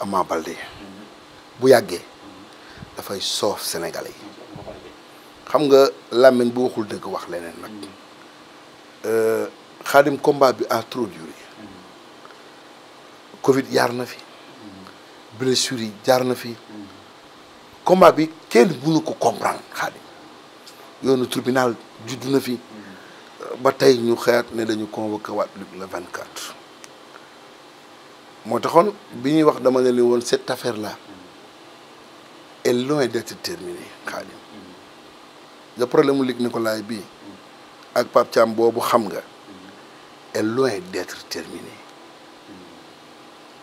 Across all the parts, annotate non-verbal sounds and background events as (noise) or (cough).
Ama Baldé bu yàggee dafay soof Sénégalais yi xam nga làmmiñ bu waxul dëgg wax leneen nag xaadim euh, combat bi a trop duré Covid jaar na fi blessure yi jaar na fi combat bi kenn mënu ko comprendre xaadim yoonu tribunal juddu na fi ba tey ñu xeet ne dañu convoqué waat le vingt-quatre mo taxone biñu wax dama ne li won cette affaire là est loin d'être terminée Khadim le problème mu Luc Nicolaï bii ak pap cham bobu xam nga est loin d'être terminée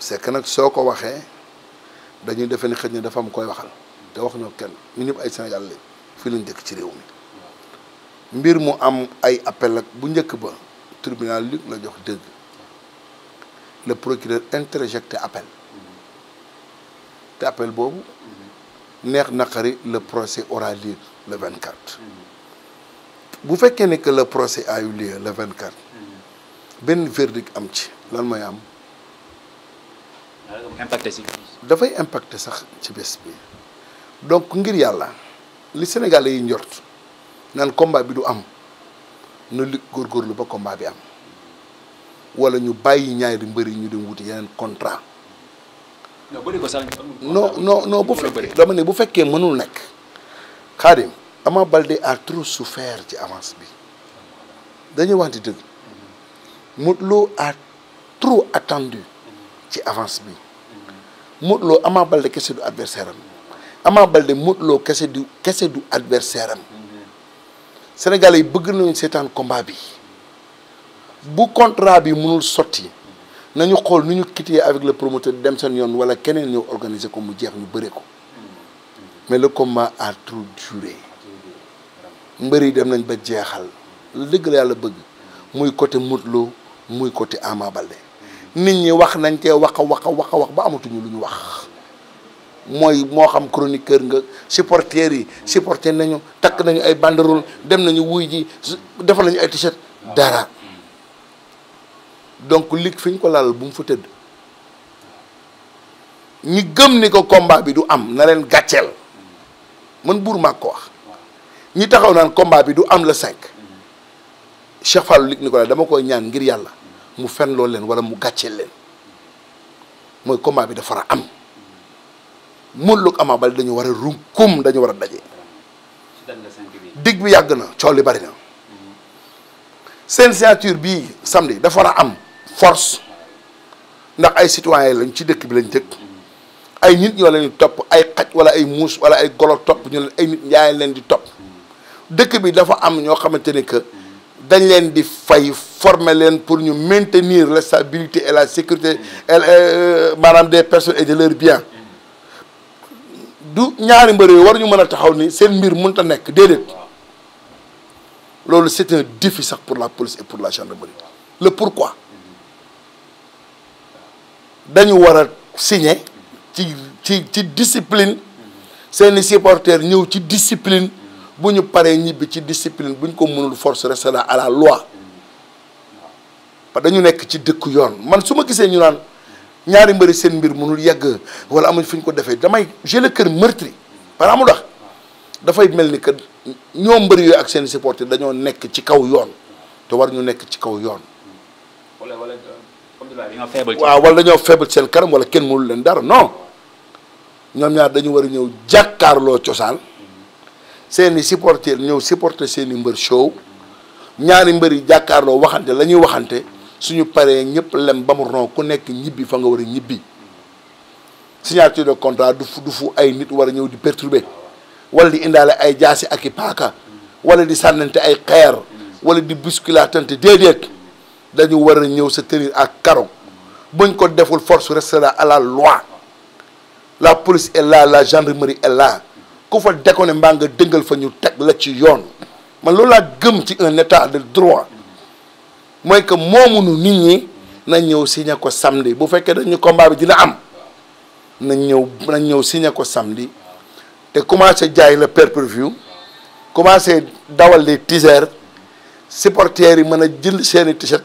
c'est que nak soko ko waxee dañuy defe ni xëy dafa am koy waxal da wax ñoo kenn ñu ñëpp ay Sénégal lé fi lañ dëkk ci réew mi mbir mu am ay appel ak bu ñëk ba tribunal lik la jox dëgg le procureur interjecte appel L'appel, appel boobu le procès aura lieu le 24 Vous faites que le procès a eu lieu le 24 Ben verdict am ci lan y am. impacté si. dafay impacté sax ci bés bi donc ngir les Sénégalais yi dans le combat nous ne am pas lu combat wala ñu bàyyi ñaari mbër yi ñu dem wuti yeneen contrat. non non non bu fekkee mënul nekk Xaadim Ama Baldé a trop souffert ci avance bi dañuy wax dëgg Modou Lo a trop attendu ci avance bi Modou Lo Ama Baldé kese du adversaire am Ama Baldé Modou kese du kese du adversaire am mhm. Sénégalais yi bëgg nañu seetaan combat bi. bu contrat bi mënul sotti nañu xool nu ñu quitté avec le promoteur dem seen yoon wala keneen ñëw organiser ko mu jeex ñu bëre ko mais le combat a trop duré mbër yi dem nañ ba jeexal dëgg la yàlla bëgg muy côté Modou Lo muy côté Ama Baldé nit ñi wax nañ cee wax a wax a wax a wax ba amatuñu lu ñu wax mooy moo xam chroniqueur nga supporters yi supporter nañu takk nañu ay banderole dem nañu wuy ji defal nañu ay t-shirt dara donc lig fi ñu ko laal bu mu fa tëdd ñi gëm ni ko combat bi du am na leen gàcceel man buur maa ko wax ñi taxaw naan combat bi du am le cinq Cheikh Fallou Luc Nicolaï dama koy ñaan ngir yàlla mu fen loolu leen wala mu gàcceel leen mooy combat bi dafa war a am Modou lu ak Ama dañu war a runkum dañu war a daje digg bi yàgg na coow li bari na seen signature bii samedi dafa war a am force ndax ay citoyen lañ ci dëkk bi lañ dëkk ay nit ñoo leen topp ay xaj wala ay muus wala ay golo topp ñu leen ay nit ñaa leen di topp dëkk bi dafa am ñoo xamante ni que dañ leen di fay former leen pour ñu maintenir la stabilité et la sécurité euh, maanaam des personnes et de leurs biens du ñaari mbër yooyu war ñu mën a taxaw ni seen mbir mënut a nekk déedéet loolu c'est un défi sax pour la police et pour la gendarmerie le pourquoi. dañu war a signer ci ci ci discipline seeni supporters ñëw ci discipline bu ñu paree ñibbi ci discipline bu ñu ko mënul force restera à la loi parce que dañu nekk ci dëkku yoon man su ma gisee ñu naan ñaari mbëri seen mbir munul yàgg wala amuñ fu ñu ko defee damay j'ai le cœur meurtri par amul wax dafay mel ni que ñoo mbëri yooyu ak seen supporters dañoo nekk ci kaw yoon te war ñu nekk ci kaw yoon. waaw wala dañoo faible seen kanam wala kenn mënul leen dara non ñoom ñaar dañu war a ñëw jàkkaarloo cosaan seen i supporter ñëw supporter seeni mbër show ñaari mbër yi jàkkaarloo waxante lañuy waxante suñu paree ñëpp lem ba mu ron ku nekk ñibbi fa nga war a ñibbi signature de contrat du fu du fu ay nit war a ñëw di perturber wala di indaale ay jaasi ak i paaka wala di sànnante ay xeer wala di bousculatante déedéet dañu war a ñëw se tenir à carreau buñ ko deful force restera à la loi la police est la la gendarmerie est là ku fa déconné mbaa nga dëngal fa ñu teg la ci yoon ma loolu laa gëm ci un état de droit mooy que moomunu nit ñi na ñëw signé ko samedi bu fekkee dañu combat bi dina am na ñëw na ñëw signé ko samedi te commencé jaay la pay-per-view commencé dawal les teasers supporters yi mën a jël seeni t-shirt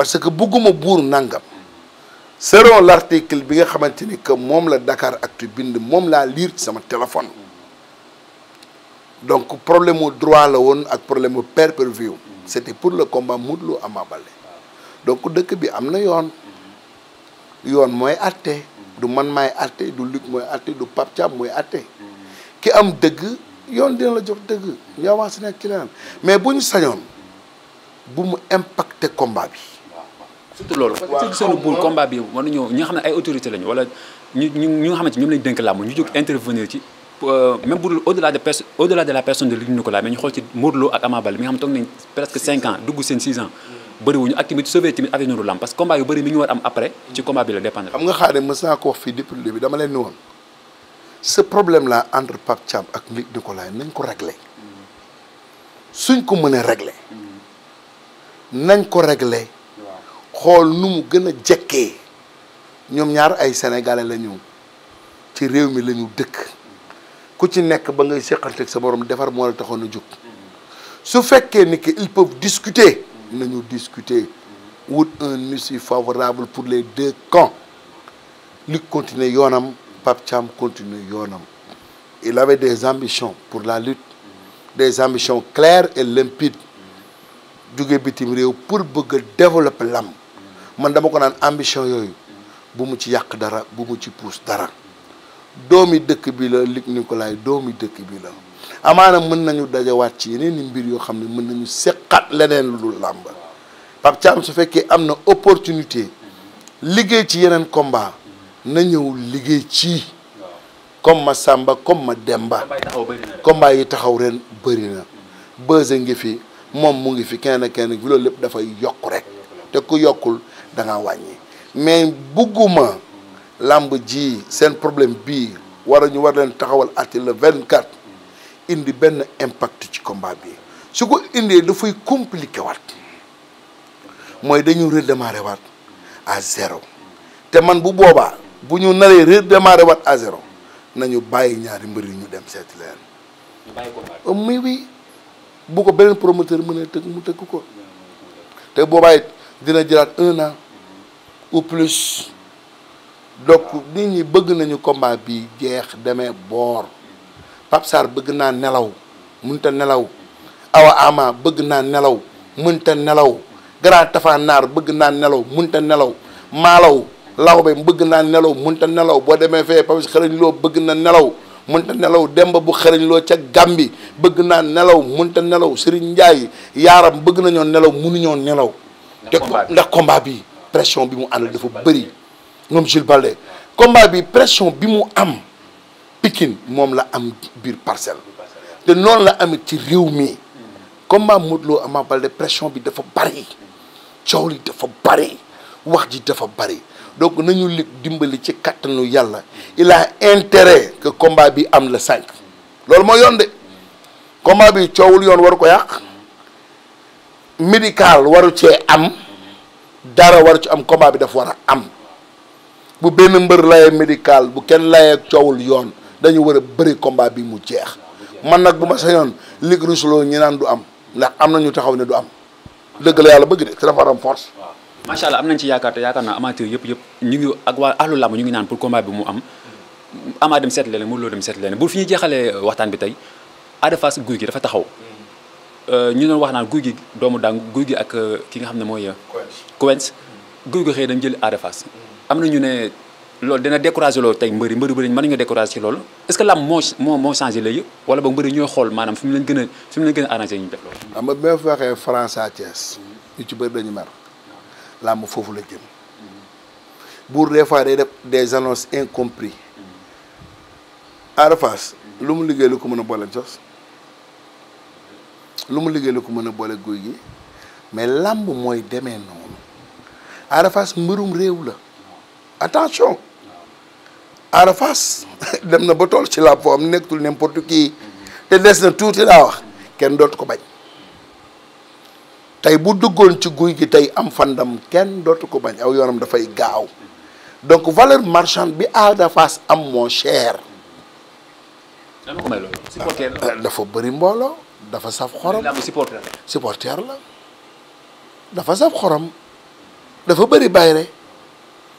parce que bugguma buur nangam selon l'article bi nga xamanteni que mom la Dakar Actu bind mom la lire ci sama téléphone donc problème mu droit la woon ak problème mu pay-per-view c'était pour le combat Modou amabalé donc deuk bi amna na yoon moy mooy du man may atte du Luc moy atte du Pape moy mooy ki am deug yoon dina la jox deug ñu avancé nekk ci mais bu sañon bu mu impacter combat bi tout loolu parce que seen buur combat bi war ñu ñi nga ay autorité lañu wala ñu ñu ñi nga xamante ñoom lañ dénk làmb ñu jóg intervenir ci euh, même bu au delà de pers au delà de la personne de Luc Nicolas mais ñu xol ci Modou ak Amabal mi xam tok nañ presque 5 ans dugg seen 6 ans wuñu ak tamit sauver tamit avec u làmb parce que combat yu bëri mi ñu war am après ci combat bi la dépendre xam nga xaare mës ko wax fi depuis le début dama leen ni woon ce problème là entre Pape Thiam ak Luc Nicolas nañ ko régler mm. suñ ko mëna régler mm. nañ ko régler xol nu mu gën a jekkee ñaar ay sénégalais la ñu ci réew mi la ñu dëkk ku ci nekk ba ngay séqanteeg sa borom défar mo la taxono a su fekkee ni que ils peuvent discuter nañu discuter wut un issue favorable pour les deux camps Luc continue, yonam Pape Thiam continuer il avait des ambitions pour la lutte des ambitions claires et limpides jóge bitim réew pour bëgg développer l'âme. man dama ko naan ambition yooyu bu mu ci yàq dara bu mu ci puus dara doomi dëkk bi la Luc Nicolaï doomi dëkk bi la amaana mën nañu dajawaat ci yeneen i mbir yoo xam ne mën nañu seqat leneen lu dul làmb Pape su fekkee am na opportunité liggéey ci yeneen combat na ñëw liggéey ci comme ma sàmba comme ma Demba combat yi taxaw ren bëri na bese ngi fi moom mu ngi fi kenn kenn gi loolu lépp dafay yokk rek te ku yokkul dangaa wàññi mais bugguma làmb ji seen problème bii wara ñu war leen taxawal ati le 24 indi benn impact ci combat bi su ko indee dafay compliqué waat mooy dañu redémarrer waat à zéro te man bu boobaa bu ñu naree redémarrer waat à zéro nañu bàyyi ñaari mbër yu ñu dem seeti leen muy oh, bu ko beneen promoteur mën a tëgg mu tëgg ko te boobaay dina jëlaat un an ou plus donc nit ñi bëgg nañu combat bi jeex demee boor Pape bëgg naa nelaw mënta nelaw Awa Ama bëgg naa nelaw mënta nelaw Grand Tafa Naar bëgg naa nelaw mënta nelaw Malaw Lawbe bëgg naa nelaw munta nelaw boo demee fee Papis xarañ loo bëgg na nelaw mënta nelaw Demba bu xarañ loo ca Gàmbi bëgg naa nelaw mënta nelaw Serigne Ndiaye yaaram bëgg nañoo nelaw mënuñoo nelaw de combat bi pression bi mu àndal dafa bëri mom Jules Baldé combat bi pression bi am Pikine mom la am bir parcelle te non la am ci combat modlo pression bi dafa wax donc ci il a intérêt que combat bi am le cinq de combat bi ciowul ko médical waru am dara war ci am combat bi daf war a am bu benn mbër layee médical bu kenn layee coowul yoon dañu war a bëri combat bi mu jeex man nag bu ma sa sañoon Luc Rousselo ñi naan du am ndax am na ñu taxaw ne du am dëgg la yàlla bëgg de te dafa am force. macha allah am nañ ci yaakaar te yaakaar naa amateur yëpp yëpp ñu ngi ak waa ahlu làmb ñu ngi naan pour combat bi mu am amaa dem seet leen Modou Lo dem seet leen bu fi ñu jeexalee waxtaan bi tey Ada Fass Gouye Gui dafa taxaw. Euh, ñu doon wax naan guy gi doomu daan guy gi ak euh, ki nga xam ne mooy. Euh, Quench guy gi xëy dañ jël Ada am na ñu ne loolu dina découragé loolu tey mbëri mbëri bëri mën nañu découragé ci loolu est-ce que lam moo moo moo changé léegi wala boog mbëri ñooy xool maanaam fi mu leen gën a fi mu leen a arrangé ñu def loolu. xam nga boo waxee France à Thiès ci bëri dañu mer lam foofu la jëm buur des fois day def des annonces incompris Ada Fass lu mu liggéey lu ko mën a boole sax. lu mu liggéey la ko mën a boole guy gi mais làmb mooy demee noonu Ada Fass mbërum réew la attention Ada (laughs) dem na ba tool ci làmb foo am nekkatul n'importe qui te des na tuuti laa wax kenn dootu ko bañ tey bu duggoon ci guy gi tey am fandam kenn dootu ko bañ aw yoonam dafay gaaw donc valeur marchande bi Ada am moo cher. Ah, dafa bari mbooloo. dafa saf xorom supporter la dafa saf xorom dafa bëri bayre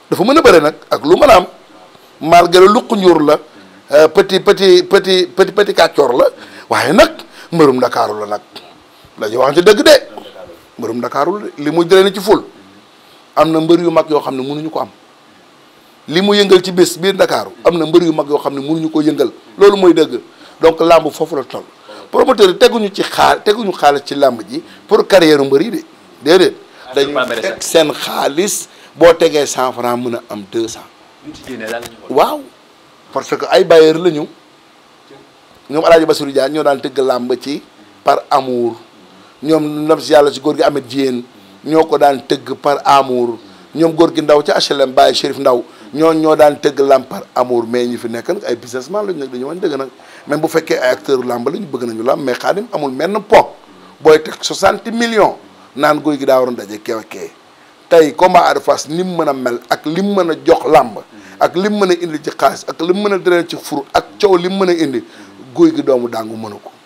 dafa mën a bëri nag ak lu mën a am malgré luq ñuur la euh, petit petit petit petit petit kàccoor la waaye nag mbërum ndakaaru la nag dañuy wax ci dëgg de mbërum ndakaaru la li mu jëlee ni ci ful am na mbër yu mag yoo xam ne mënuñu ko am li mu yëngal ci bés biir ndakaaru am na mbër yu mag yoo xam ne mënuñu ko yëngal loolu mooy dëgg donc làmbu foofu la toll promoteur yi teguñu ci xaar teguñu xaalis ci làmb ji pour carrière mbër yi de déedéet. Ah, dañu teg seen xaalis boo tegee cent franc mën a am deux cent. waaw parce que ay bailleur la ñu ñoom El Hadj Bassirou ñoo daan tëgg làmb ci par amour ñoom ndam si yàlla si góor gi Amet Diène ñoo ko daan tëgg par amour ñoom góor gi ndaw ci HLM Baye Chérif Ndaw ñoo ñoo daan tëgg làmb amul amour ñu fi nekk nag ay businessman lañu nag dañu wan dëgg nag même bu fekkee ay acteur làmb lañu bëgg nañu làmb mais xaadim amul menn po booy teg 60 millions naan guy gi daa waroon daje kew a kee tey combat Ada Fass ni mu mën a mel ak li mu mën a jox làmb ak li mu mën a indi ci xaalis ak li mu mën a drain ci fur ak coow li mu mën a indi guy gi doomu daangu mënu ko